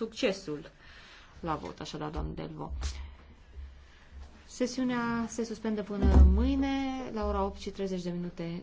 succesul la vot, așadar, doamne Delvo. Sesiunea se suspendă până mâine la ora 8 și 30 de minute.